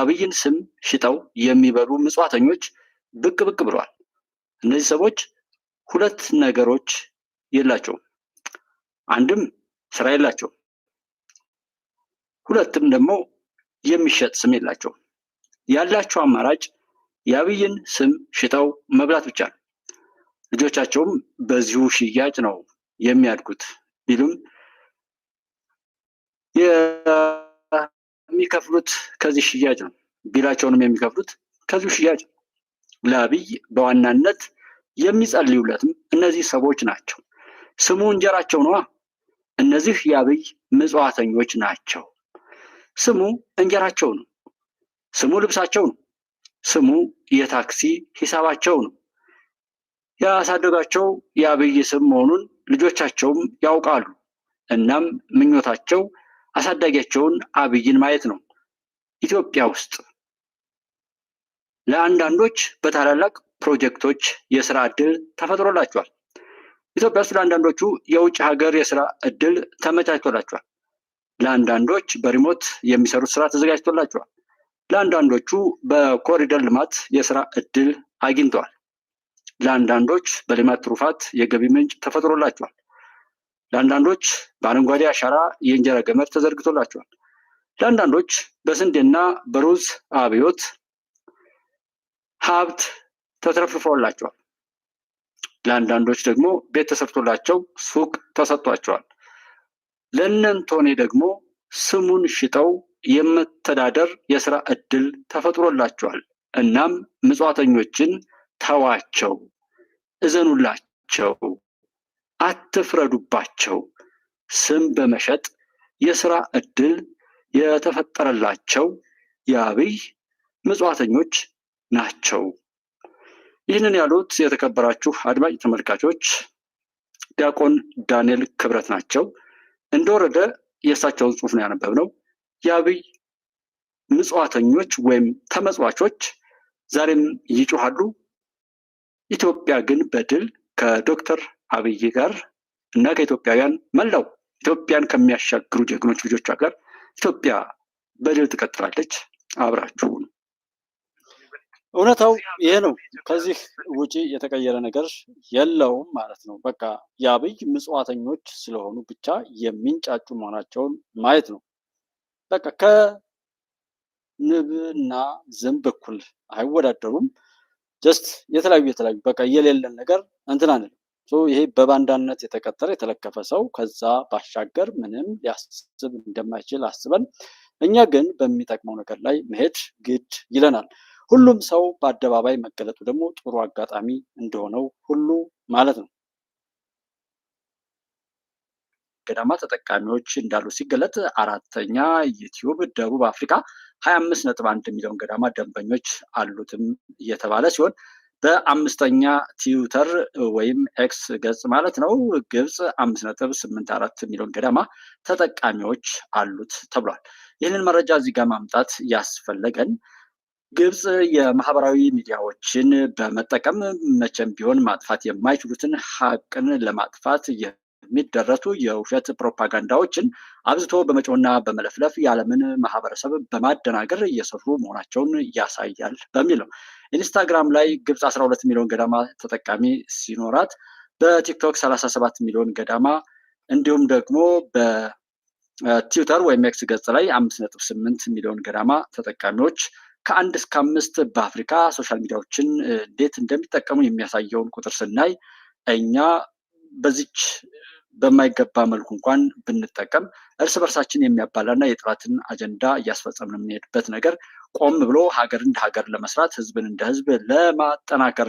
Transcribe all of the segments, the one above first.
አብይን ስም ሽጠው የሚበሉ ምጽዋተኞች ብቅ ብቅ ብለዋል። እነዚህ ሰዎች ሁለት ነገሮች የላቸውም። አንድም ስራ የላቸውም፣ ሁለትም ደግሞ የሚሸጥ ስም የላቸው ያላቸው አማራጭ የአብይን ስም ሽጠው መብላት ብቻ ነው። ልጆቻቸውም በዚሁ ሽያጭ ነው የሚያድጉት ቢሉም የሚከፍሉት ከዚህ ሽያጭ ነው። ቢላቸውንም የሚከፍሉት ከዚሁ ሽያጭ ነው። ለአብይ በዋናነት የሚጸልዩለትም እነዚህ ሰዎች ናቸው። ስሙ እንጀራቸው ነዋ። እነዚህ የአብይ ምጽዋተኞች ናቸው። ስሙ እንጀራቸው ነው። ስሙ ልብሳቸው ነው። ስሙ የታክሲ ሂሳባቸው ነው። ያሳደጋቸው የአብይ ስም መሆኑን ልጆቻቸውም ያውቃሉ። እናም ምኞታቸው አሳዳጊያቸውን አብይን ማየት ነው። ኢትዮጵያ ውስጥ ለአንዳንዶች በታላላቅ ፕሮጀክቶች የስራ እድል ተፈጥሮላቸዋል። ኢትዮጵያ ውስጥ ለአንዳንዶቹ የውጭ ሀገር የስራ እድል ተመቻችቶላቸዋል። ለአንዳንዶች በሪሞት የሚሰሩት ስራ ተዘጋጅቶላቸዋል። ለአንዳንዶቹ በኮሪደር ልማት የስራ እድል አግኝተዋል። ለአንዳንዶች በልማት ትሩፋት የገቢ ምንጭ ተፈጥሮላቸዋል። ለአንዳንዶች በአረንጓዴ አሻራ የእንጀራ ገመድ ተዘርግቶላቸዋል። ለአንዳንዶች በስንዴና በሩዝ አብዮት ሀብት ተትረፍርፈውላቸዋል። ለአንዳንዶች ደግሞ ቤት ተሰርቶላቸው ሱቅ ተሰጥቷቸዋል። ለእነንቶኔ ደግሞ ስሙን ሽጠው የመተዳደር የስራ እድል ተፈጥሮላቸዋል። እናም ምጽዋተኞችን ተዋቸው፣ እዘኑላቸው አትፍረዱባቸው። ስም በመሸጥ የስራ እድል የተፈጠረላቸው የአብይ ምጽዋተኞች ናቸው። ይህንን ያሉት የተከበራችሁ አድማጭ ተመልካቾች ዲያቆን ዳንኤል ክብረት ናቸው። እንደወረደ የእሳቸውን ጽሑፍ ነው ያነበብነው። የአብይ ምጽዋተኞች ወይም ተመጽዋቾች ዛሬም ይጮሃሉ። ኢትዮጵያ ግን በድል ከዶክተር አብይ ጋር እና ከኢትዮጵያውያን መላው ኢትዮጵያን ከሚያሻግሩ ጀግኖች ልጆቿ ጋር ኢትዮጵያ በድል ትቀጥላለች። አብራችሁን እውነታው ይሄ ነው። ከዚህ ውጪ የተቀየረ ነገር የለውም ማለት ነው። በቃ የአብይ ምጽዋተኞች ስለሆኑ ብቻ የሚንጫጩ መሆናቸውን ማየት ነው። በቃ ከንብና ዝንብ እኩል አይወዳደሩም። ጀስት የተለያዩ የተለያዩ በቃ የሌለን ነገር እንትን አንልም። ይሄ በባንዳነት የተቀጠረ የተለከፈ ሰው ከዛ ባሻገር ምንም ሊያስብ እንደማይችል አስበን እኛ ግን በሚጠቅመው ነገር ላይ መሄድ ግድ ይለናል። ሁሉም ሰው በአደባባይ መገለጡ ደግሞ ጥሩ አጋጣሚ እንደሆነው ሁሉ ማለት ነው። ገዳማ ተጠቃሚዎች እንዳሉ ሲገለጥ አራተኛ ዩቲዩብ ደቡብ አፍሪካ ሀያ አምስት ነጥብ አንድ ሚሊዮን ገዳማ ደንበኞች አሉትም እየተባለ ሲሆን በአምስተኛ ትዊተር ወይም ኤክስ ገጽ ማለት ነው ግብፅ አምስት ነጥብ ስምንት አራት ሚሊዮን ገደማ ተጠቃሚዎች አሉት ተብሏል። ይህንን መረጃ እዚህ ጋር ማምጣት ያስፈለገን ግብፅ የማህበራዊ ሚዲያዎችን በመጠቀም መቼም ቢሆን ማጥፋት የማይችሉትን ሀቅን ለማጥፋት የሚደረቱ የውሸት ፕሮፓጋንዳዎችን አብዝቶ በመጮና በመለፍለፍ የዓለምን ማህበረሰብ በማደናገር እየሰሩ መሆናቸውን ያሳያል በሚል ነው። ኢንስታግራም ላይ ግብፅ 12 ሚሊዮን ገዳማ ተጠቃሚ ሲኖራት በቲክቶክ 37 ሚሊዮን ገዳማ እንዲሁም ደግሞ በትዊተር ወይም ኤክስ ገጽ ላይ 5.8 ሚሊዮን ገዳማ ተጠቃሚዎች ከአንድ እስከ አምስት በአፍሪካ ሶሻል ሚዲያዎችን እንዴት እንደሚጠቀሙ የሚያሳየውን ቁጥር ስናይ እኛ በዚች በማይገባ መልኩ እንኳን ብንጠቀም እርስ በርሳችን የሚያባላና የጥራትን አጀንዳ እያስፈጸምን የምንሄድበት ነገር ቆም ብሎ ሀገር እንደ ሀገር ለመስራት ህዝብን እንደ ህዝብ ለማጠናከር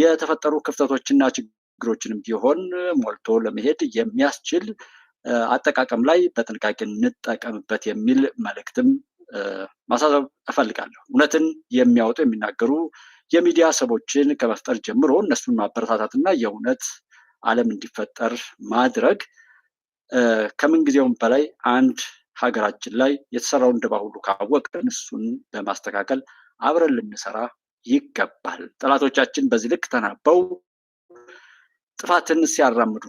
የተፈጠሩ ክፍተቶችና ችግሮችንም ቢሆን ሞልቶ ለመሄድ የሚያስችል አጠቃቀም ላይ በጥንቃቄ እንጠቀምበት የሚል መልእክትም ማሳሰብ እፈልጋለሁ። እውነትን የሚያወጡ የሚናገሩ የሚዲያ ሰቦችን ከመፍጠር ጀምሮ እነሱን ማበረታታትና የእውነት ዓለም እንዲፈጠር ማድረግ ከምንጊዜውም በላይ አንድ ሀገራችን ላይ የተሰራውን ድባ ሁሉ ካወቅን እሱን በማስተካከል አብረን ልንሰራ ይገባል። ጠላቶቻችን በዚህ ልክ ተናበው ጥፋትን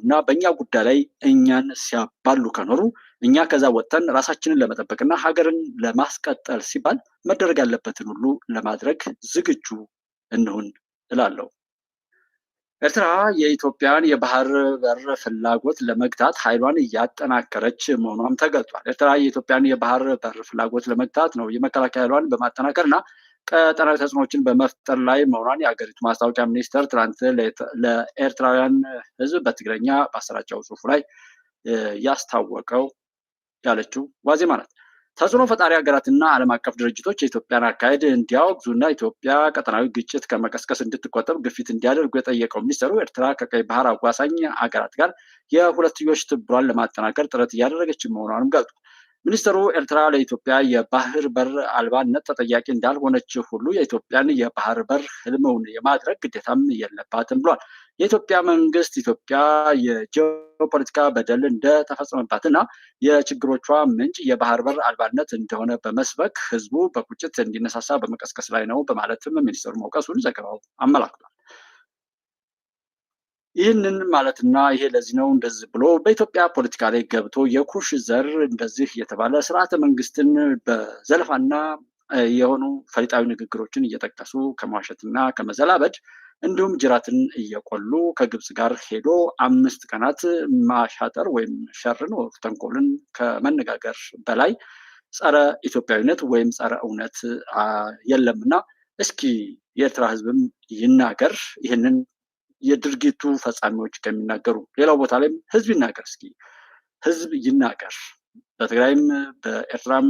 እና በእኛ ጉዳይ ላይ እኛን ሲያባሉ ከኖሩ እኛ ከዛ ወጥተን ራሳችንን ለመጠበቅና ሀገርን ለማስቀጠል ሲባል መደረግ ያለበትን ሁሉ ለማድረግ ዝግጁ እንሁን እላለሁ። ኤርትራ የኢትዮጵያን የባህር በር ፍላጎት ለመግታት ኃይሏን እያጠናከረች መሆኗም ተገልጧል። ኤርትራ የኢትዮጵያን የባህር በር ፍላጎት ለመግታት ነው የመከላከያ ኃይሏን በማጠናከር እና ቀጠናዊ ተጽዕኖችን በመፍጠር ላይ መሆኗን የሀገሪቱ ማስታወቂያ ሚኒስቴር ትናንት ለኤርትራውያን ሕዝብ በትግረኛ በአሰራጨው ጽሑፉ ላይ ያስታወቀው ያለችው ዋዜማ ናት። ተጽዕኖ ፈጣሪ ሀገራትና ዓለም አቀፍ ድርጅቶች የኢትዮጵያን አካሄድ እንዲያወግዙና ኢትዮጵያ ቀጠናዊ ግጭት ከመቀስቀስ እንድትቆጠብ ግፊት እንዲያደርጉ የጠየቀው ሚኒስትሩ ኤርትራ ከቀይ ባህር አዋሳኝ ሀገራት ጋር የሁለትዮሽ ትብብሯን ለማጠናከር ጥረት እያደረገች መሆኗንም ገልጡ። ሚኒስትሩ ኤርትራ ለኢትዮጵያ የባህር በር አልባነት ተጠያቂ እንዳልሆነች ሁሉ የኢትዮጵያን የባህር በር ህልምውን የማድረግ ግዴታም የለባትም ብሏል። የኢትዮጵያ መንግስት ኢትዮጵያ የጂኦፖለቲካ በደል እንደተፈጸመባት የችግሮቿ ምንጭ የባህር በር አልባነት እንደሆነ በመስበክ ህዝቡ በቁጭት እንዲነሳሳ በመቀስቀስ ላይ ነው በማለትም ሚኒስትሩ መውቀሱን ዘገባው አመላክቷል። ይህንን ማለትና ይሄ ለዚህ ነው እንደዚህ ብሎ በኢትዮጵያ ፖለቲካ ላይ ገብቶ የኩሽ ዘር እንደዚህ የተባለ ስርዓተ መንግስትን በዘለፋና የሆኑ ፈሊጣዊ ንግግሮችን እየጠቀሱ ከመዋሸትና ከመዘላበድ እንዲሁም ጅራትን እየቆሉ ከግብፅ ጋር ሄዶ አምስት ቀናት ማሻጠር ወይም ሸርን ተንኮልን ከመነጋገር በላይ ጸረ ኢትዮጵያዊነት ወይም ጸረ እውነት የለምና እስኪ የኤርትራ ህዝብም ይናገር ይህንን የድርጊቱ ፈጻሚዎች ከሚናገሩ ሌላው ቦታ ላይም ህዝብ ይናገር እስኪ ህዝብ ይናገር በትግራይም በኤርትራም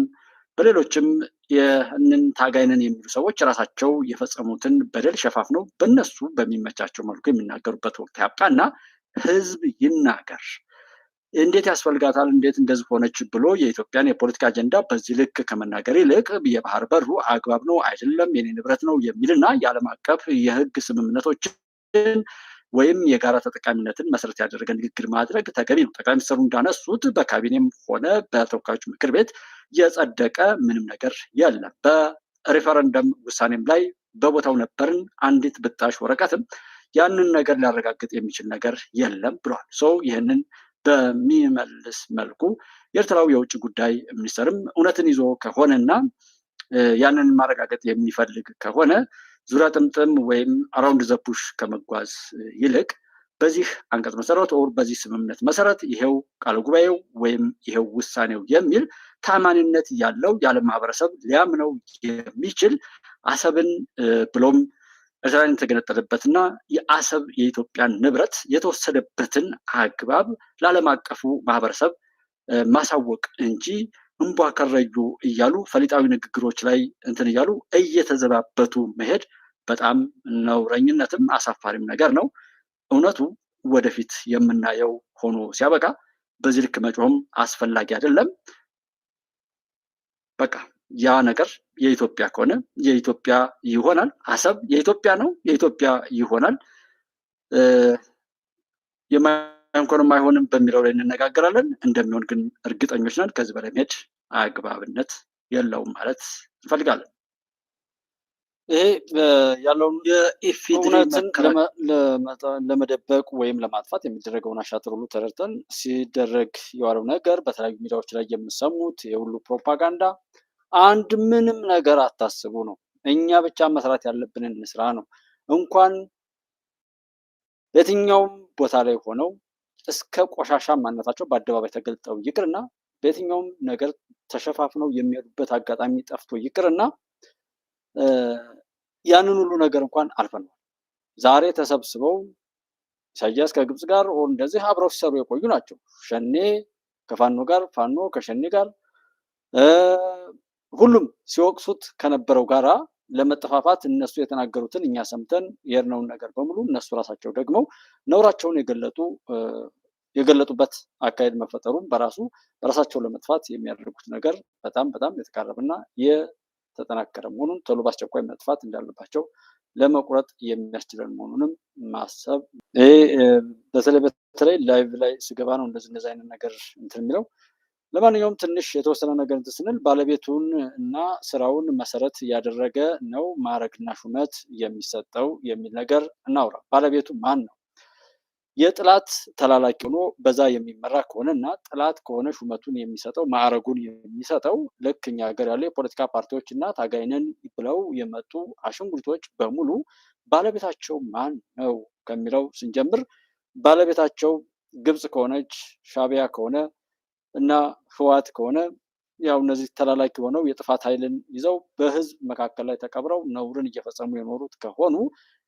በሌሎችም ይህንን ታጋይነን የሚሉ ሰዎች ራሳቸው የፈጸሙትን በደል ሸፋፍነው በነሱ በሚመቻቸው መልኩ የሚናገሩበት ወቅት ያብቃ እና ህዝብ ይናገር። እንዴት ያስፈልጋታል፣ እንዴት እንደዚህ ሆነች ብሎ የኢትዮጵያን የፖለቲካ አጀንዳ በዚህ ልክ ከመናገር ይልቅ የባህር በሩ አግባብ ነው አይደለም፣ የኔ ንብረት ነው የሚልና የዓለም አቀፍ የህግ ስምምነቶችን ወይም የጋራ ተጠቃሚነትን መሰረት ያደረገ ንግግር ማድረግ ተገቢ ነው። ጠቅላይ ሚኒስትሩ እንዳነሱት በካቢኔም ሆነ በተወካዮች ምክር ቤት የጸደቀ ምንም ነገር የለም። በሪፈረንደም ውሳኔም ላይ በቦታው ነበርን፣ አንዲት ብጣሽ ወረቀትም ያንን ነገር ሊያረጋግጥ የሚችል ነገር የለም ብሏል። ሰው ይህንን በሚመልስ መልኩ የኤርትራው የውጭ ጉዳይ ሚኒስትርም እውነትን ይዞ ከሆነና ያንን ማረጋገጥ የሚፈልግ ከሆነ ዙሪያ ጥምጥም ወይም አራውንድ ዘፑሽ ከመጓዝ ይልቅ በዚህ አንቀጽ መሰረት ወር በዚህ ስምምነት መሰረት ይሄው ቃለ ጉባኤው ወይም ይሄው ውሳኔው የሚል ታማኒነት ያለው የዓለም ማህበረሰብ ሊያምነው የሚችል አሰብን ብሎም ኤርትራን የተገነጠለበትና የአሰብ የኢትዮጵያን ንብረት የተወሰደበትን አግባብ ለዓለም አቀፉ ማህበረሰብ ማሳወቅ እንጂ እንቧ ከረዩ እያሉ ፈሊጣዊ ንግግሮች ላይ እንትን እያሉ እየተዘባበቱ መሄድ በጣም ነውረኝነትም አሳፋሪም ነገር ነው። እውነቱ ወደፊት የምናየው ሆኖ ሲያበቃ በዚህ ልክ መጮህም አስፈላጊ አይደለም። በቃ ያ ነገር የኢትዮጵያ ከሆነ የኢትዮጵያ ይሆናል። አሰብ የኢትዮጵያ ነው፣ የኢትዮጵያ ይሆናል። የማይሆንም አይሆንም በሚለው ላይ እንነጋገራለን። እንደሚሆን ግን እርግጠኞች ነን። ከዚህ በላይ መሄድ አግባብነት የለውም ማለት እንፈልጋለን። ይሄ ያለውን የኢፊድሪነትን ለመደበቅ ወይም ለማጥፋት የሚደረገውን አሻጥር ሁሉ ተረድተን ሲደረግ የዋለው ነገር በተለያዩ ሚዲያዎች ላይ የምሰሙት የሁሉ ፕሮፓጋንዳ አንድ ምንም ነገር አታስቡ ነው። እኛ ብቻ መስራት ያለብንን እንስራ ነው። እንኳን በየትኛውም ቦታ ላይ ሆነው እስከ ቆሻሻ ማነታቸው በአደባባይ ተገልጠው ይቅርና በየትኛውም ነገር ተሸፋፍነው የሚሄዱበት አጋጣሚ ጠፍቶ ይቅርና ያንን ሁሉ ነገር እንኳን አልፈነዋል። ዛሬ ተሰብስበው ኢሳያስ ከግብፅ ጋር እንደዚህ አብረው ሲሰሩ የቆዩ ናቸው። ሸኔ ከፋኖ ጋር፣ ፋኖ ከሸኔ ጋር፣ ሁሉም ሲወቅሱት ከነበረው ጋራ ለመጠፋፋት እነሱ የተናገሩትን እኛ ሰምተን የሄድነውን ነገር በሙሉ እነሱ ራሳቸው ደግሞ ነውራቸውን የገለጡ የገለጡበት አካሄድ መፈጠሩም በራሱ በራሳቸው ለመጥፋት የሚያደርጉት ነገር በጣም በጣም የተቃረበና ተጠናከረ መሆኑን ቶሎ በአስቸኳይ መጥፋት እንዳለባቸው ለመቁረጥ የሚያስችለን መሆኑንም ማሰብ ይሄ በተለይ በተለይ ላይቭ ላይ ስገባ ነው እንደዚህ እንደዚህ አይነት ነገር እንትን የሚለው ለማንኛውም ትንሽ የተወሰነ ነገር እንትን ስንል ባለቤቱን እና ስራውን መሰረት ያደረገ ነው ማዕረግና ሹመት የሚሰጠው የሚል ነገር እናውራ። ባለቤቱ ማን ነው? የጥላት ተላላኪ ሆኖ በዛ የሚመራ ከሆነ እና ጥላት ከሆነ ሹመቱን የሚሰጠው ማዕረጉን የሚሰጠው ልክ እኛ ሀገር ያሉ የፖለቲካ ፓርቲዎች እና ታጋይነን ብለው የመጡ አሻንጉሊቶች በሙሉ ባለቤታቸው ማን ነው ከሚለው ስንጀምር ባለቤታቸው ግብፅ ከሆነች ሻቢያ ከሆነ እና ህወሓት ከሆነ ያው እነዚህ ተላላኪ ሆነው የጥፋት ኃይልን ይዘው በህዝብ መካከል ላይ ተቀብረው ነውርን እየፈጸሙ የኖሩት ከሆኑ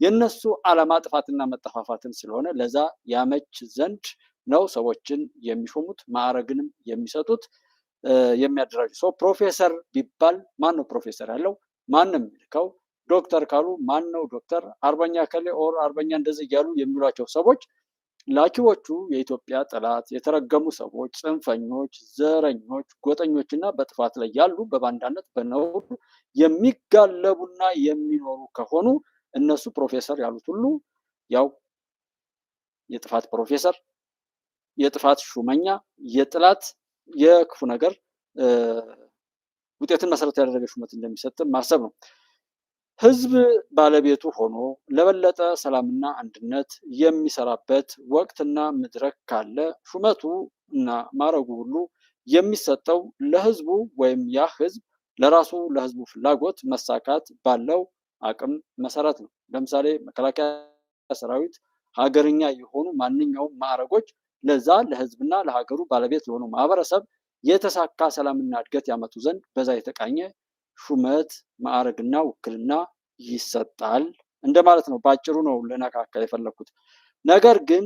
የእነሱ ዓላማ ጥፋትና መጠፋፋትን ስለሆነ ለዛ ያመች ዘንድ ነው ሰዎችን የሚሾሙት ማዕረግንም የሚሰጡት የሚያደራጁ ሰው ፕሮፌሰር ቢባል ማን ነው ፕሮፌሰር ያለው ማን ነው የሚልከው ዶክተር ካሉ ማን ነው ዶክተር አርበኛ ከሌ ኦር አርበኛ እንደዚህ እያሉ የሚሏቸው ሰዎች ላኪዎቹ የኢትዮጵያ ጠላት፣ የተረገሙ ሰዎች፣ ጽንፈኞች፣ ዘረኞች፣ ጎጠኞችና በጥፋት ላይ ያሉ በባንዳነት በነውር የሚጋለቡና የሚኖሩ ከሆኑ እነሱ ፕሮፌሰር ያሉት ሁሉ ያው የጥፋት ፕሮፌሰር፣ የጥፋት ሹመኛ፣ የጥላት የክፉ ነገር ውጤትን መሰረት ያደረገ ሹመት እንደሚሰጥ ማሰብ ነው። ህዝብ ባለቤቱ ሆኖ ለበለጠ ሰላምና አንድነት የሚሰራበት ወቅትና መድረክ ካለ ሹመቱ እና ማዕረጉ ሁሉ የሚሰጠው ለህዝቡ ወይም ያ ህዝብ ለራሱ ለህዝቡ ፍላጎት መሳካት ባለው አቅም መሰረት ነው። ለምሳሌ መከላከያ ሰራዊት፣ ሀገርኛ የሆኑ ማንኛውም ማዕረጎች ለዛ ለህዝብና ለሀገሩ ባለቤት ለሆነው ማህበረሰብ የተሳካ ሰላምና እድገት ያመጡ ዘንድ በዛ የተቃኘ ሹመት ማዕረግና ውክልና ይሰጣል እንደማለት ነው። በአጭሩ ነው ልነካካ የፈለግኩት። ነገር ግን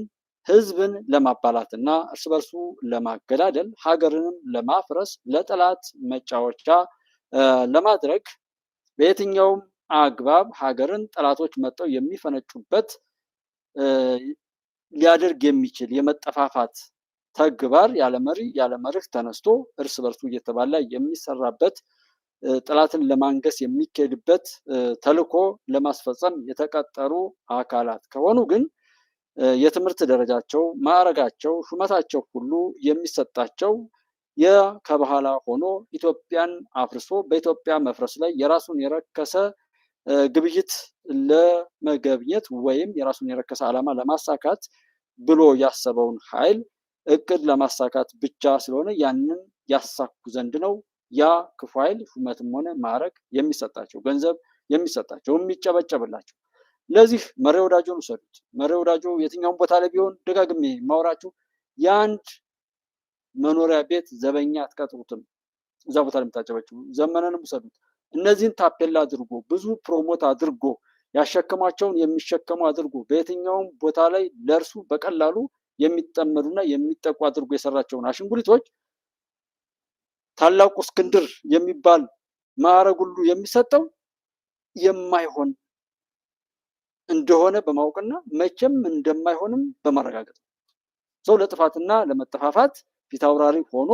ህዝብን ለማባላትና እርስ በርሱ ለማገዳደል ሀገርንም ለማፍረስ ለጠላት መጫወቻ ለማድረግ በየትኛውም አግባብ ሀገርን ጠላቶች መጥተው የሚፈነጩበት ሊያደርግ የሚችል የመጠፋፋት ተግባር ያለ መሪ ያለ መርህ ተነስቶ እርስ በርሱ እየተባላ የሚሰራበት ጠላትን ለማንገስ የሚካሄድበት ተልዕኮ ለማስፈጸም የተቀጠሩ አካላት ከሆኑ ግን የትምህርት ደረጃቸው፣ ማዕረጋቸው፣ ሹመታቸው ሁሉ የሚሰጣቸው ከበኋላ ሆኖ ኢትዮጵያን አፍርሶ በኢትዮጵያ መፍረስ ላይ የራሱን የረከሰ ግብይት ለመገብኘት ወይም የራሱን የረከሰ ዓላማ ለማሳካት ብሎ ያሰበውን ኃይል እቅድ ለማሳካት ብቻ ስለሆነ ያንን ያሳኩ ዘንድ ነው ያ ክፉ ኃይል ሹመትም ሆነ ማዕረግ የሚሰጣቸው ገንዘብ የሚሰጣቸው የሚጨበጨብላቸው። ለዚህ መሬ ወዳጆን ውሰዱት። መሬ ወዳጆ የትኛውን ቦታ ላይ ቢሆን ደጋግሜ ማውራችሁ የአንድ መኖሪያ ቤት ዘበኛ አትቀጥሩትም። እዛ ቦታ ላይ ዘመነንም ውሰዱት። እነዚህን ታፔላ አድርጎ ብዙ ፕሮሞት አድርጎ ያሸከማቸውን የሚሸከሙ አድርጎ በየትኛውም ቦታ ላይ ለእርሱ በቀላሉ የሚጠመዱና የሚጠቁ አድርጎ የሰራቸውን አሽንጉሊቶች። ታላቁ እስክንድር የሚባል ማዕረግ ሁሉ የሚሰጠው የማይሆን እንደሆነ በማወቅና መቼም እንደማይሆንም በማረጋገጥ ሰው ለጥፋትና ለመጠፋፋት ፊት አውራሪ ሆኖ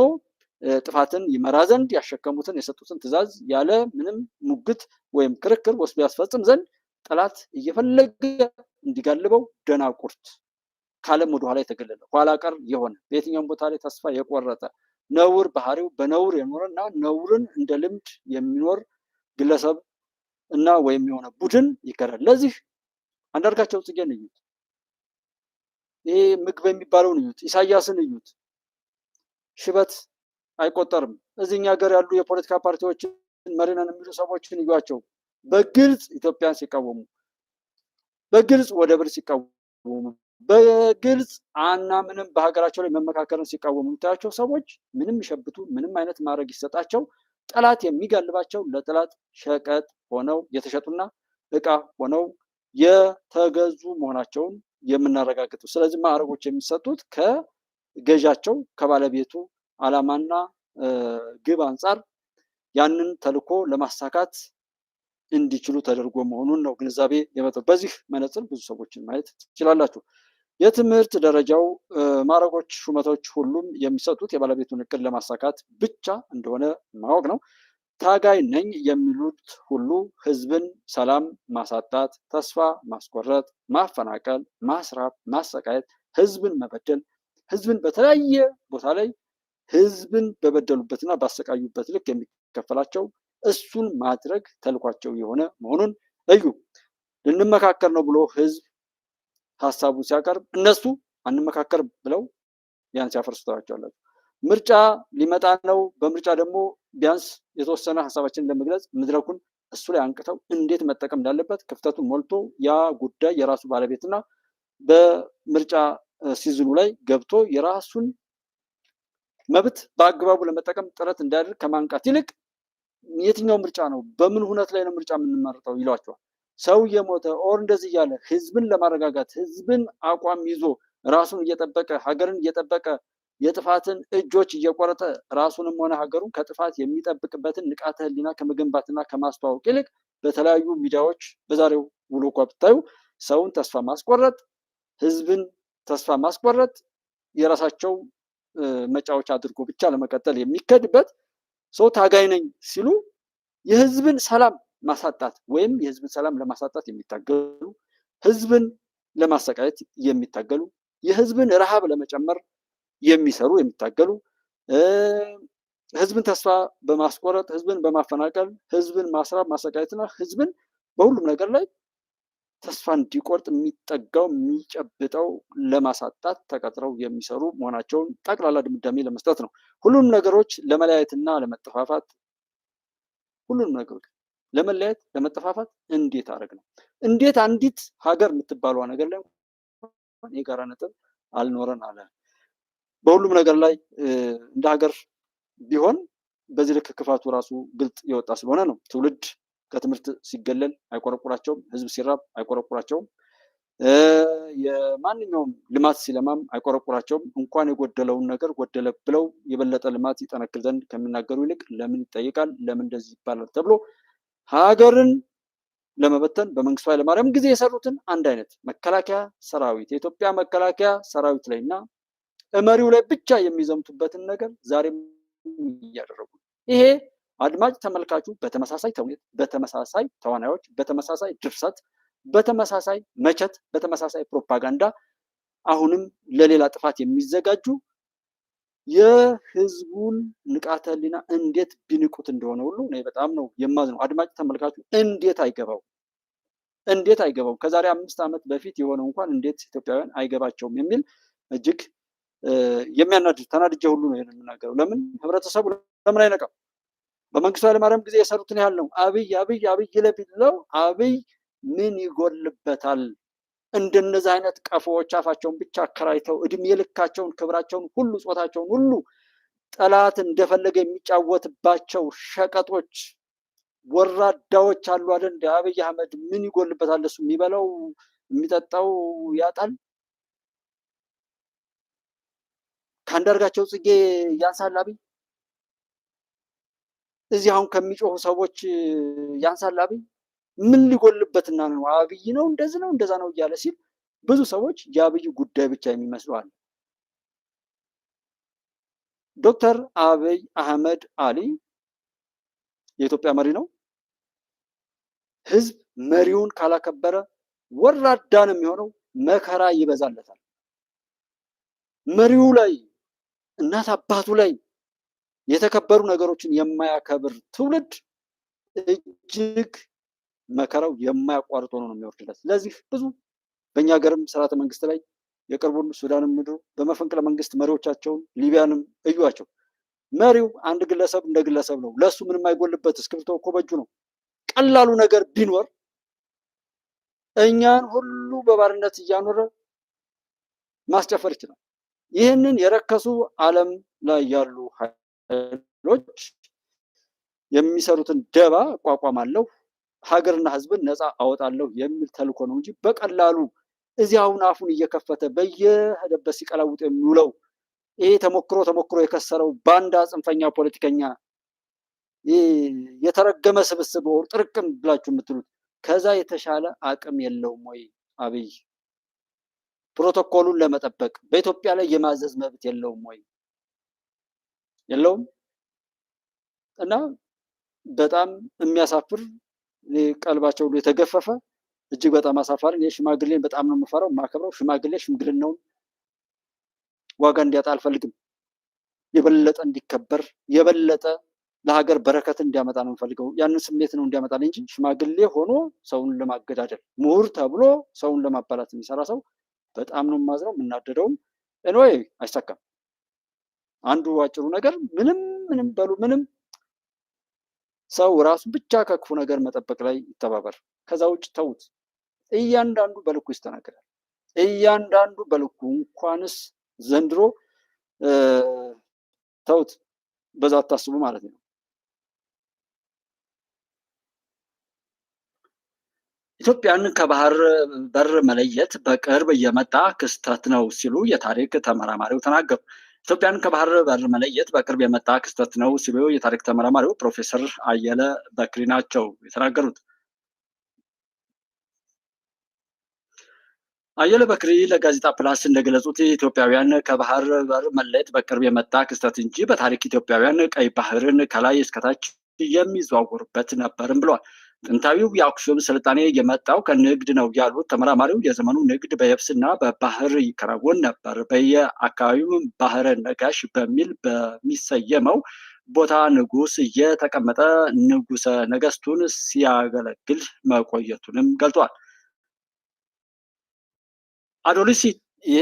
ጥፋትን ይመራ ዘንድ ያሸከሙትን የሰጡትን ትዕዛዝ ያለ ምንም ሙግት ወይም ክርክር ወስዶ ያስፈጽም ዘንድ ጠላት እየፈለገ እንዲጋልበው ደናቁርት ካለም ወደኋላ የተገለለ ኋላ ቀር የሆነ በየትኛውም ቦታ ላይ ተስፋ የቆረጠ ነውር ባህሪው በነውር የኖረ እና ነውርን እንደ ልምድ የሚኖር ግለሰብ እና ወይም የሆነ ቡድን ይከራል። ለዚህ አንዳርጋቸው ጽጌን እዩት፣ ይሄ ምግብ የሚባለውን እዩት፣ ኢሳያስን እዩት። ሽበት አይቆጠርም። እዚህኛ ሀገር ያሉ የፖለቲካ ፓርቲዎችን መሪነን የሚሉ ሰዎችን እዩዋቸው፣ በግልጽ ኢትዮጵያን ሲቃወሙ፣ በግልጽ ወደ ብር ሲቃወሙ፣ በግልጽ አና ምንም በሀገራቸው ላይ መመካከልን ሲቃወሙ የምታያቸው ሰዎች ምንም ይሸብቱ ምንም አይነት ማድረግ ይሰጣቸው ጠላት የሚጋልባቸው ለጠላት ሸቀጥ ሆነው የተሸጡና እቃ ሆነው የተገዙ መሆናቸውን የምናረጋግጡ። ስለዚህ ማዕረጎች የሚሰጡት ከገዣቸው ከባለቤቱ ዓላማና ግብ አንጻር ያንን ተልዕኮ ለማሳካት እንዲችሉ ተደርጎ መሆኑን ነው ግንዛቤ የመጣው። በዚህ መነጽር ብዙ ሰዎችን ማየት ትችላላችሁ። የትምህርት ደረጃው ማዕረጎች፣ ሹመቶች ሁሉም የሚሰጡት የባለቤቱን እቅድ ለማሳካት ብቻ እንደሆነ ማወቅ ነው። ታጋይ ነኝ የሚሉት ሁሉ ህዝብን ሰላም ማሳጣት፣ ተስፋ ማስቆረጥ፣ ማፈናቀል፣ ማስራብ፣ ማሰቃየት፣ ህዝብን መበደል፣ ህዝብን በተለያየ ቦታ ላይ ህዝብን በበደሉበትና ባሰቃዩበት ልክ የሚከፈላቸው እሱን ማድረግ ተልኳቸው የሆነ መሆኑን እዩ። ልንመካከል ነው ብሎ ህዝብ ሀሳቡን ሲያቀርብ እነሱ አንመካከር ብለው ቢያንስ ያፈርሱታቸዋላችሁ። ምርጫ ሊመጣ ነው። በምርጫ ደግሞ ቢያንስ የተወሰነ ሀሳባችንን ለመግለጽ መድረኩን እሱ ላይ አንቅተው እንዴት መጠቀም እንዳለበት ክፍተቱን ሞልቶ ያ ጉዳይ የራሱ ባለቤትና በምርጫ ሲዝኑ ላይ ገብቶ የራሱን መብት በአግባቡ ለመጠቀም ጥረት እንዳያደርግ ከማንቃት ይልቅ የትኛው ምርጫ ነው፣ በምን ሁነት ላይ ነው ምርጫ የምንመርጠው ይሏቸዋል። ሰው እየሞተ ኦር እንደዚህ እያለ ህዝብን ለማረጋጋት ህዝብን አቋም ይዞ ራሱን እየጠበቀ ሀገርን እየጠበቀ የጥፋትን እጆች እየቆረጠ ራሱንም ሆነ ሀገሩን ከጥፋት የሚጠብቅበትን ንቃተ ህሊና ከመገንባትና ከማስተዋወቅ ይልቅ በተለያዩ ሚዲያዎች በዛሬው ውሎ እንኳ ብታዩ ሰውን ተስፋ ማስቆረጥ፣ ህዝብን ተስፋ ማስቆረጥ የራሳቸው መጫወቻ አድርጎ ብቻ ለመቀጠል የሚከድበት ሰው ታጋይ ነኝ ሲሉ የህዝብን ሰላም ማሳጣት ወይም የህዝብን ሰላም ለማሳጣት የሚታገሉ ህዝብን ለማሰቃየት የሚታገሉ የህዝብን ረሃብ ለመጨመር የሚሰሩ የሚታገሉ ህዝብን ተስፋ በማስቆረጥ ህዝብን በማፈናቀል ህዝብን ማስራብ ማሰቃየትና ህዝብን በሁሉም ነገር ላይ ተስፋ እንዲቆርጥ የሚጠጋው የሚጨብጠው ለማሳጣት ተቀጥረው የሚሰሩ መሆናቸውን ጠቅላላ ድምዳሜ ለመስጠት ነው። ሁሉንም ነገሮች ለመለያየትና ለመጠፋፋት ሁሉንም ነገሮች ለመለያየት፣ ለመጠፋፋት እንዴት አደረግ ነው? እንዴት አንዲት ሀገር የምትባለዋ ነገር ላይ የጋራ ነጥብ አልኖረን አለ። በሁሉም ነገር ላይ እንደ ሀገር ቢሆን በዚህ ልክ ክፋቱ ራሱ ግልጽ የወጣ ስለሆነ ነው። ትውልድ ከትምህርት ሲገለል አይቆረቁራቸውም። ህዝብ ሲራብ አይቆረቁራቸውም። የማንኛውም ልማት ሲለማም አይቆረቁራቸውም። እንኳን የጎደለውን ነገር ጎደለ ብለው የበለጠ ልማት ይጠነክል ዘንድ ከሚናገሩ ይልቅ ለምን ይጠይቃል፣ ለምን እንደዚህ ይባላል ተብሎ ሀገርን ለመበተን በመንግስቱ ኃይለማርያም ጊዜ የሰሩትን አንድ አይነት መከላከያ ሰራዊት የኢትዮጵያ መከላከያ ሰራዊት ላይ እና መሪው ላይ ብቻ የሚዘምቱበትን ነገር ዛሬም እያደረጉ ይሄ አድማጭ ተመልካቹ በተመሳሳይ ተውኔት፣ በተመሳሳይ ተዋናዮች፣ በተመሳሳይ ድርሰት፣ በተመሳሳይ መቸት፣ በተመሳሳይ ፕሮፓጋንዳ አሁንም ለሌላ ጥፋት የሚዘጋጁ የህዝቡን ንቃተ ህሊና እንዴት ቢንቁት እንደሆነ ሁሉ እኔ በጣም ነው የማዝነው። አድማጭ ተመልካቹ እንዴት አይገባው? እንዴት አይገባው? ከዛሬ አምስት ዓመት በፊት የሆነው እንኳን እንዴት ኢትዮጵያውያን አይገባቸውም የሚል እጅግ የሚያናድድ ተናድጄ ሁሉ ነው ይሄንን የምናገረው። ለምን ህብረተሰቡ ለምን አይነቃም? በመንግስቱ ኃይለማርያም ጊዜ የሰሩትን ያህል ነው። አብይ አብይ አብይ ይለፊት አብይ ምን ይጎልበታል? እንደነዚህ አይነት ቀፎዎች አፋቸውን ብቻ አከራይተው እድሜ ልካቸውን ክብራቸውን ሁሉ ጾታቸውን ሁሉ ጠላት እንደፈለገ የሚጫወትባቸው ሸቀጦች ወራዳዎች አሉ አለ። እንደ አብይ አህመድ ምን ይጎልበታል? እሱ የሚበላው የሚጠጣው ያጣል። ከአንዳርጋቸው ጽጌ ያንሳል አብይ? እዚህ አሁን ከሚጮሁ ሰዎች ያንሳል አብይ? ምን ሊጎልበትና ነው? አብይ ነው እንደዚህ ነው እንደዛ ነው እያለ ሲል ብዙ ሰዎች የአብይ ጉዳይ ብቻ አለ። ዶክተር አብይ አህመድ አሊ የኢትዮጵያ መሪ ነው። ህዝብ መሪውን ካላከበረ ወራዳ ነው የሚሆነው፣ መከራ ይበዛለታል። መሪው ላይ እናት አባቱ ላይ የተከበሩ ነገሮችን የማያከብር ትውልድ እጅግ መከራው የማያቋርጥ ሆኖ ነው የሚወርድለት። ስለዚህ ብዙ በእኛ ሀገርም ስርዓተ መንግስት ላይ የቅርቡን ሱዳንም ምድሩ በመፈንቅለ መንግስት መሪዎቻቸውን ሊቢያንም እዩዋቸው። መሪው አንድ ግለሰብ እንደ ግለሰብ ነው፣ ለእሱ ምንም አይጎልበት፣ እስክሪብቶ እኮ በእጁ ነው። ቀላሉ ነገር ቢኖር እኛን ሁሉ በባርነት እያኖረ ማስጨፈር ይችላል። ይህንን የረከሱ ዓለም ላይ ያሉ ኃይሎች የሚሰሩትን ደባ እቋቋማለሁ ሀገርና ህዝብን ነፃ አወጣለሁ የሚል ተልኮ ነው እንጂ በቀላሉ እዚያውን አፉን እየከፈተ በየሄደበት ሲቀላውጥ የሚውለው ይሄ ተሞክሮ ተሞክሮ የከሰረው ባንዳ፣ ጽንፈኛ፣ ፖለቲከኛ የተረገመ ስብስብ ወር ጥርቅም ብላችሁ የምትሉት ከዛ የተሻለ አቅም የለውም ወይ አብይ? ፕሮቶኮሉን ለመጠበቅ በኢትዮጵያ ላይ የማዘዝ መብት የለውም ወይ? የለውም። እና በጣም የሚያሳፍር ቀልባቸው ሁሉ የተገፈፈ እጅግ በጣም አሳፋሪ። እኔ ሽማግሌን በጣም ነው የምፈራው የማከብረው። ሽማግሌ ሽምግልናውን ዋጋ እንዲያጣ አልፈልግም። የበለጠ እንዲከበር የበለጠ ለሀገር በረከት እንዲያመጣ ነው የምፈልገው። ያንን ስሜት ነው እንዲያመጣ እንጂ ሽማግሌ ሆኖ ሰውን ለማገዳደል ምሁር ተብሎ ሰውን ለማባላት የሚሰራ ሰው በጣም ነው የማዝነው የምናደደውም። እንወይ አይሳካም። አንዱ አጭሩ ነገር ምንም ምንም በሉ ምንም ሰው ራሱ ብቻ ከክፉ ነገር መጠበቅ ላይ ይተባበር። ከዛ ውጭ ተዉት። እያንዳንዱ በልኩ ይስተናገዳል። እያንዳንዱ በልኩ እንኳንስ ዘንድሮ ተውት፣ በዛ አታስቡ ማለት ነው። ኢትዮጵያን ከባህር በር መለየት በቅርብ የመጣ ክስተት ነው ሲሉ የታሪክ ተመራማሪው ተናገሩ። ኢትዮጵያን ከባህር በር መለየት በቅርብ የመጣ ክስተት ነው ሲሉ የታሪክ ተመራማሪው ፕሮፌሰር አየለ በክሪ ናቸው የተናገሩት። አየለ በክሪ ለጋዜጣ ፕላስ እንደገለጹት ኢትዮጵያውያን ከባህር በር መለየት በቅርብ የመጣ ክስተት እንጂ በታሪክ ኢትዮጵያውያን ቀይ ባህርን ከላይ እስከታች የሚዘዋወሩበት ነበርም ብለዋል። ጥንታዊው የአክሱም ስልጣኔ የመጣው ከንግድ ነው ያሉት ተመራማሪው የዘመኑ ንግድ በየብስና በባህር ይከናወን ነበር። በየአካባቢው ባህረ ነጋሽ በሚል በሚሰየመው ቦታ ንጉስ እየተቀመጠ ንጉሰ ነገስቱን ሲያገለግል መቆየቱንም ገልጿል። አዶሊስ ይሄ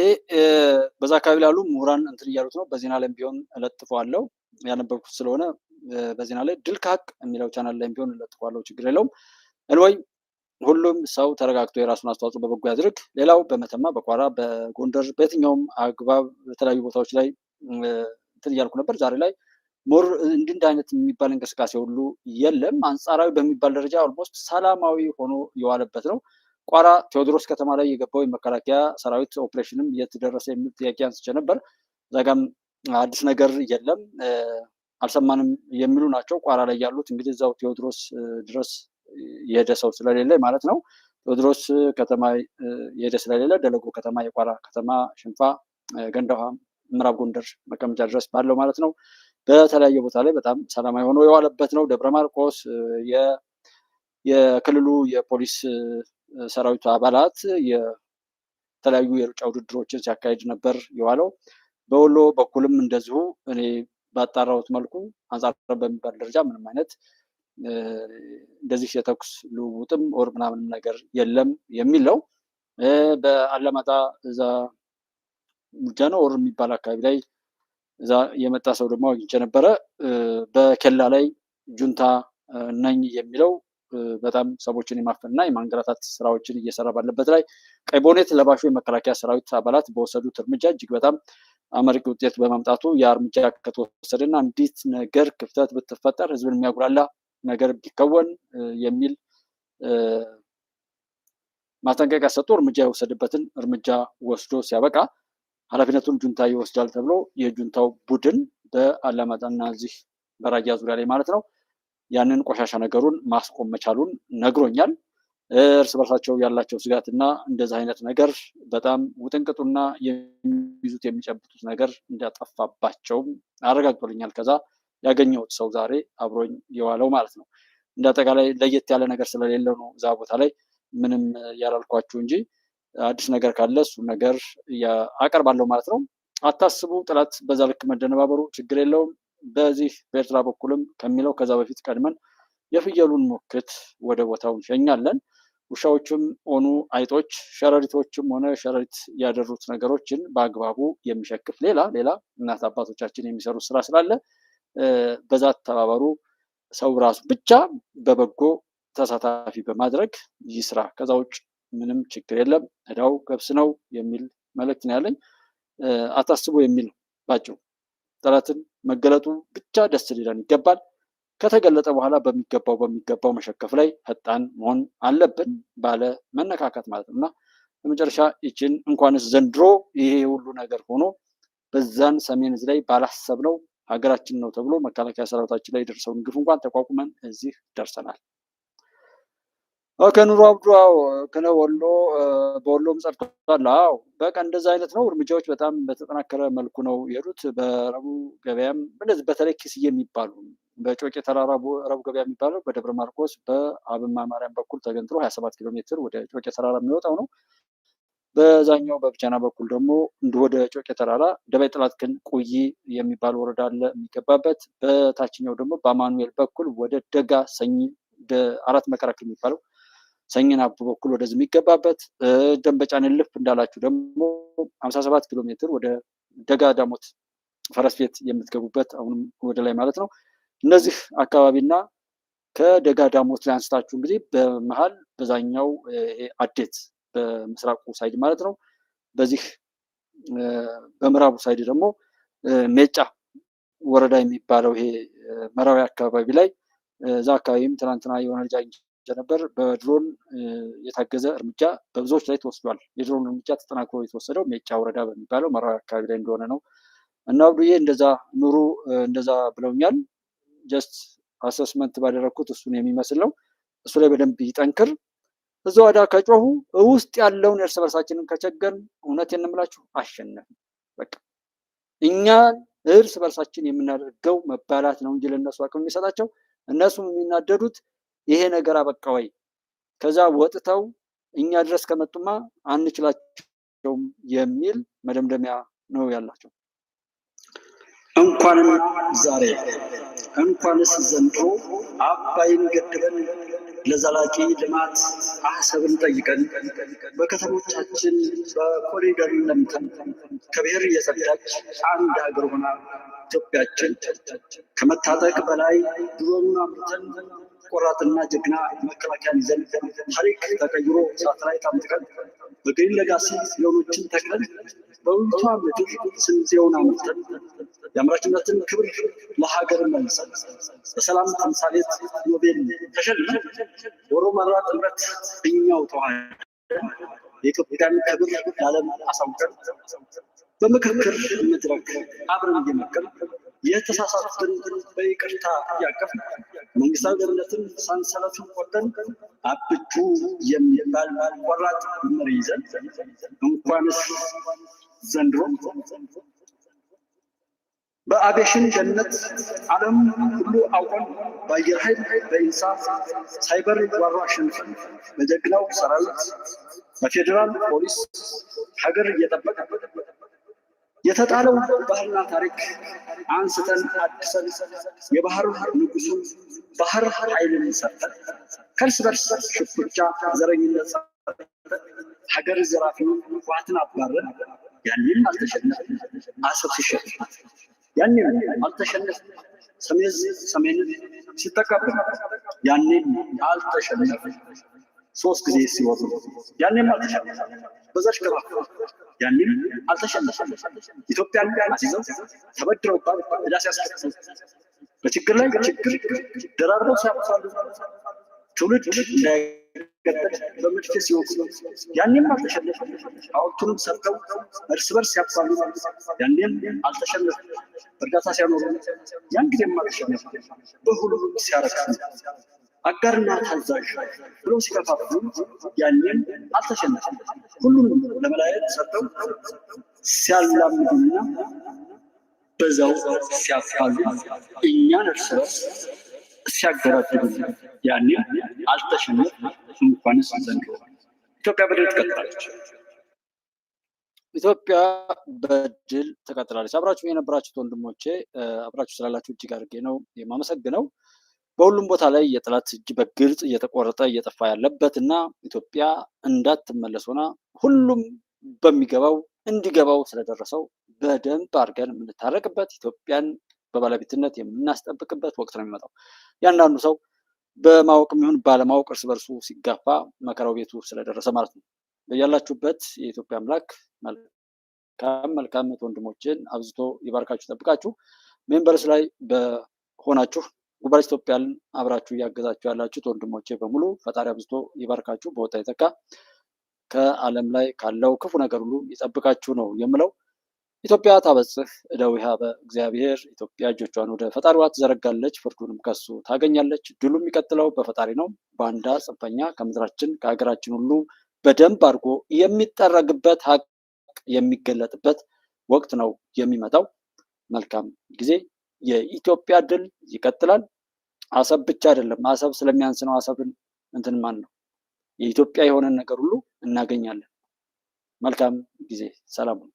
በዛ አካባቢ ላሉ ምሁራን እንትን እያሉት ነው። በዜና ላይም ቢሆን እለጥፈዋለሁ ያነበብኩት ስለሆነ በዜና ላይ ድል ከሀቅ የሚለው ቻናል ላይ ቢሆን ለጥቋለው ችግር የለውም። እንወይ ሁሉም ሰው ተረጋግቶ የራሱን አስተዋጽኦ በበጎ ያድርግ። ሌላው በመተማ በቋራ በጎንደር በየትኛውም አግባብ በተለያዩ ቦታዎች ላይ እንትን እያልኩ ነበር። ዛሬ ላይ ሞር እንድንድ አይነት የሚባል እንቅስቃሴ ሁሉ የለም። አንጻራዊ በሚባል ደረጃ ኦልሞስት ሰላማዊ ሆኖ የዋለበት ነው። ቋራ ቴዎድሮስ ከተማ ላይ የገባው የመከላከያ ሰራዊት ኦፕሬሽንም የት ደረሰ የሚል ጥያቄ አንስቼ ነበር። እዛ ጋም አዲስ ነገር የለም። አልሰማንም የሚሉ ናቸው። ቋራ ላይ ያሉት እንግዲህ እዛው ቴዎድሮስ ድረስ የሄደ ሰው ስለሌለ ማለት ነው። ቴዎድሮስ ከተማ የሄደ ስለሌለ ደለጎ ከተማ፣ የቋራ ከተማ፣ ሽንፋ፣ ገንዳውሃ፣ ምዕራብ ጎንደር መቀመጫ ድረስ ባለው ማለት ነው በተለያየ ቦታ ላይ በጣም ሰላማዊ ሆኖ የዋለበት ነው። ደብረ ማርቆስ የክልሉ የፖሊስ ሰራዊቱ አባላት የተለያዩ የሩጫ ውድድሮችን ሲያካሄድ ነበር የዋለው። በወሎ በኩልም እንደዚሁ እኔ ባጣራሁት መልኩ አንጻር በሚባል ደረጃ ምንም አይነት እንደዚህ የተኩስ ልውውጥም ወር ምናምንም ነገር የለም የሚል ነው። በአለማጣ እዛ ሙጃና ወር የሚባል አካባቢ ላይ እዛ የመጣ ሰው ደግሞ አግኝቼ ነበረ። በኬላ ላይ ጁንታ ነኝ የሚለው በጣም ሰዎችን የማፈንና እና የማንገላታት ስራዎችን እየሰራ ባለበት ላይ ቀይ ቦኔት ለባሹ የመከላከያ ሰራዊት አባላት በወሰዱት እርምጃ እጅግ በጣም አመርቂ ውጤት በማምጣቱ የእርምጃ እርምጃ ከተወሰደና እንዲት ነገር ክፍተት ብትፈጠር ህዝብን የሚያጉላላ ነገር ቢከወን የሚል ማስጠንቀቂያ ሰጥቶ እርምጃ የወሰደበትን እርምጃ ወስዶ ሲያበቃ ኃላፊነቱን ጁንታ ይወስዳል ተብሎ የጁንታው ቡድን በአላማጣና እዚህ በራያ ዙሪያ ላይ ማለት ነው ያንን ቆሻሻ ነገሩን ማስቆም መቻሉን ነግሮኛል። እርስ በርሳቸው ያላቸው ስጋት እና እንደዚህ አይነት ነገር በጣም ውጥንቅጡና የሚይዙት የሚጨብጡት ነገር እንዳጠፋባቸውም አረጋግጦልኛል። ከዛ ያገኘሁት ሰው ዛሬ አብሮኝ የዋለው ማለት ነው። እንደ አጠቃላይ ለየት ያለ ነገር ስለሌለ ነው እዛ ቦታ ላይ ምንም ያላልኳችሁ እንጂ አዲስ ነገር ካለ እሱ ነገር አቀርባለሁ ማለት ነው። አታስቡ፣ ጥላት በዛ ልክ መደነባበሩ ችግር የለውም። በዚህ በኤርትራ በኩልም ከሚለው ከዛ በፊት ቀድመን የፍየሉን ሙክት ወደ ቦታው እንሸኛለን። ውሻዎቹም ሆኑ አይጦች ሸረሪቶችም ሆነ ሸረሪት ያደሩት ነገሮችን በአግባቡ የሚሸክፍ ሌላ ሌላ እናት አባቶቻችን የሚሰሩት ስራ ስላለ በዛ ተባበሩ። ሰው ራሱ ብቻ በበጎ ተሳታፊ በማድረግ ይህ ስራ ከዛ ውጭ ምንም ችግር የለም። እዳው ገብስ ነው የሚል መልእክት ነው ያለኝ። አታስቡ የሚል ባጭው ጠላትን መገለጡ ብቻ ደስ ሊለን ይገባል። ከተገለጠ በኋላ በሚገባው በሚገባው መሸከፍ ላይ ፈጣን መሆን አለብን፣ ባለ መነካከት ማለት ነው እና በመጨረሻ ይችን እንኳንስ ዘንድሮ ይሄ ሁሉ ነገር ሆኖ በዛን ሰሜን እዝ ላይ ባላሰብነው ሀገራችን ነው ተብሎ መከላከያ ሰራዊታችን ላይ ደርሰው ግፍ እንኳን ተቋቁመን እዚህ ደርሰናል። ከኑሮ አብዱ ከነ ወሎ በወሎም ጸድቷል። አዎ በቃ እንደዛ አይነት ነው። እርምጃዎች በጣም በተጠናከረ መልኩ ነው የሄዱት። በረቡዕ ገበያም እንደዚህ በተለይ ኪስዬ የሚባሉ በጮቄ ተራራ ረቡዕ ገበያ የሚባለው በደብረ ማርቆስ በአብማ ማርያም በኩል ተገንጥሎ 27 ኪሎ ሜትር ወደ ጮቄ ተራራ የሚወጣው ነው። በዛኛው በብቻና በኩል ደግሞ ወደ ጮቄ ተራራ ደባይ ጥላት ግን ቁይ የሚባል ወረዳ አለ የሚገባበት። በታችኛው ደግሞ በአማኑኤል በኩል ወደ ደጋ ሰኝ አራት መከራክል የሚባለው ሰኝን አቡ በኩል ወደዚህ የሚገባበት። ደንበጫን ልፍ እንዳላችሁ ደግሞ 57 ኪሎ ሜትር ወደ ደጋ ዳሞት ፈረስ ቤት የምትገቡበት አሁንም ወደ ላይ ማለት ነው። እነዚህ አካባቢና ከደጋ ዳሞት ላይ አንስታችሁ እንግዲህ በመሀል በዛኛው አዴት በምስራቁ ሳይድ ማለት ነው። በዚህ በምዕራቡ ሳይድ ደግሞ ሜጫ ወረዳ የሚባለው ይሄ መራዊ አካባቢ ላይ እዛ አካባቢም ትናንትና የሆነ ልጅ አግኝቼ ነበር። በድሮን የታገዘ እርምጃ በብዙዎች ላይ ተወስዷል። የድሮን እርምጃ ተጠናክሮ የተወሰደው ሜጫ ወረዳ በሚባለው መራዊ አካባቢ ላይ እንደሆነ ነው እና አብዱዬ እንደዛ ኑሩ እንደዛ ብለውኛል። ጀስት አሰስመንት ባደረግኩት እሱን የሚመስል ነው። እሱ ላይ በደንብ ይጠንክር። እዛ ዋዳ ከጮሁ ውስጥ ያለውን እርስ በርሳችንን ከቸገርን እውነት የንምላችሁ አሸነፍን። በቃ እኛ እርስ በርሳችን የምናደርገው መባላት ነው እንጂ ለእነሱ አቅም የሚሰጣቸው እነሱም የሚናደዱት ይሄ ነገር አበቃ ወይ ከዛ ወጥተው እኛ ድረስ ከመጡማ አንችላቸውም የሚል መደምደሚያ ነው ያላቸው። እንኳንም ዛሬ እንኳንስ ዘንድሮ አባይን ገድበን ለዘላቂ ልማት አሰብን ጠይቀን በከተሞቻችን በኮሪደር ለምተን ከብሔር የጸዳች አንድ ሀገር ሆና ኢትዮጵያችን ከመታጠቅ በላይ ድሮኑን አምርተን ቆራጥና ጀግና መከላከያን ይዘን ታሪክ ተቀይሮ ሳተላይት አምጥቀን በግሪን ለጋሲ ሎኖችን ተክለን በውይቷ ምድር ስንዴውን አምርተን የአምራችነትን ክብር ለሀገር መልሰን በሰላም ተምሳሌት ኖቤል ተሸልመን ዶሮ መራ ጥምረት እኛው ተዋህደን የኢትዮጵያን ክብር ለዓለም አሳውቀን በምክክር መድረክ አብረን እየመከር የተሳሳትን በይቅርታ እያቀፍ መንግስታዊ ደህንነትን ሰንሰለቱን ቆርጠን አብጁ የሚባል ቆራጥ መሪ ይዘን እንኳንስ ዘንድሮ በአቬሽን ደህንነት ዓለም ሁሉ አውቀን በአየር ኃይል፣ በኢንሳ ሳይበር ጓሮ አሸንፈን በጀግናው ሰራዊት በፌዴራል ፖሊስ ሀገር እየጠበቀ የተጣለው ባህልና ታሪክ አንስተን አድሰን የባህር ንጉሱ ባህር ኃይልን ሰርተን ከእርስ በርስ ሽኩቻ ዘረኝነት ሀገር ዘራፊ ዋትን አባረን ያኔም አልተሸነፈ አሰብ ሲሸነፍ ያኔም አልተሸነፈ ሰሜን ሰሜን ሲጠቃብን ያኔም አልተሸነፈ ሶስት ጊዜ ሲወሩ ያኔም አልተሸነፈ በዛሽ ከባ ያኔም አልተሸነፈ ኢትዮጵያን አስይዘው ተበድረውባት ዕዳ ሲያስከፍሉ በችግር ላይ ችግር ደራርበው ሲያፈሳሉ ትውልድ እንዳይ ገጠጥ በመድፍ ሲወቅሱ ያኔም አልተሸነፈም። ሐውልቱንም ሰርተው እርስ በርስ ሲያባሉ ያኔም አልተሸነፈም። እርዳታ ሲያኖሩ ያን ጊዜም አልተሸነፈም። በሁሉም ሲያረክሱ አጋርና ታዛዥ ብሎ ሲከፋፍሉ ያኔም አልተሸነፈም። ሁሉንም ለመለያየት ሰርተው ሲያላምዱና በዛው ሲያባሉ እኛን እርስ በርስ ሲያገራግሩ ያኔ አልተሸነፍ እንኳንስ ዘንድሮ። ኢትዮጵያ በድል ትቀጥላለች። ኢትዮጵያ በድል ትቀጥላለች። አብራችሁ የነበራችሁት ወንድሞቼ አብራችሁ ስላላችሁ እጅግ አድርጌ ነው የማመሰግነው። በሁሉም ቦታ ላይ የጠላት እጅ በግልጽ እየተቆረጠ እየጠፋ ያለበት እና ኢትዮጵያ እንዳትመለስ ሆና ሁሉም በሚገባው እንዲገባው ስለደረሰው በደንብ አድርገን የምንታረቅበት ኢትዮጵያን በባለቤትነት የምናስጠብቅበት ወቅት ነው የሚመጣው። ያንዳንዱ ሰው በማወቅ የሚሆን ባለማወቅ እርስ በርሱ ሲጋፋ መከራው ቤቱ ስለደረሰ ማለት ነው። በያላችሁበት የኢትዮጵያ አምላክ መልካም መልካም ወንድሞችን አብዝቶ ይባርካችሁ፣ ጠብቃችሁ ሜምበርስ ላይ በሆናችሁ ጉባኤ ኢትዮጵያን አብራችሁ እያገዛችሁ ያላችሁት ወንድሞቼ በሙሉ ፈጣሪ አብዝቶ ይባርካችሁ፣ በወጣ የተካ ከዓለም ላይ ካለው ክፉ ነገር ሁሉ ይጠብቃችሁ ነው የምለው። ኢትዮጵያ ታበጽህ እደዊሃ እግዚአብሔር ኢትዮጵያ እጆቿን ወደ ፈጣሪዋ ትዘረጋለች፣ ፍርዱንም ከሱ ታገኛለች። ድሉ የሚቀጥለው በፈጣሪ ነው። ባንዳ ጽንፈኛ ከምድራችን ከሀገራችን ሁሉ በደንብ አድርጎ የሚጠረግበት ሀቅ የሚገለጥበት ወቅት ነው የሚመጣው። መልካም ጊዜ። የኢትዮጵያ ድል ይቀጥላል። አሰብ ብቻ አይደለም። አሰብ ስለሚያንስ ነው። አሰብን እንትን ማን ነው የኢትዮጵያ የሆነን ነገር ሁሉ እናገኛለን። መልካም ጊዜ። ሰላም ነው።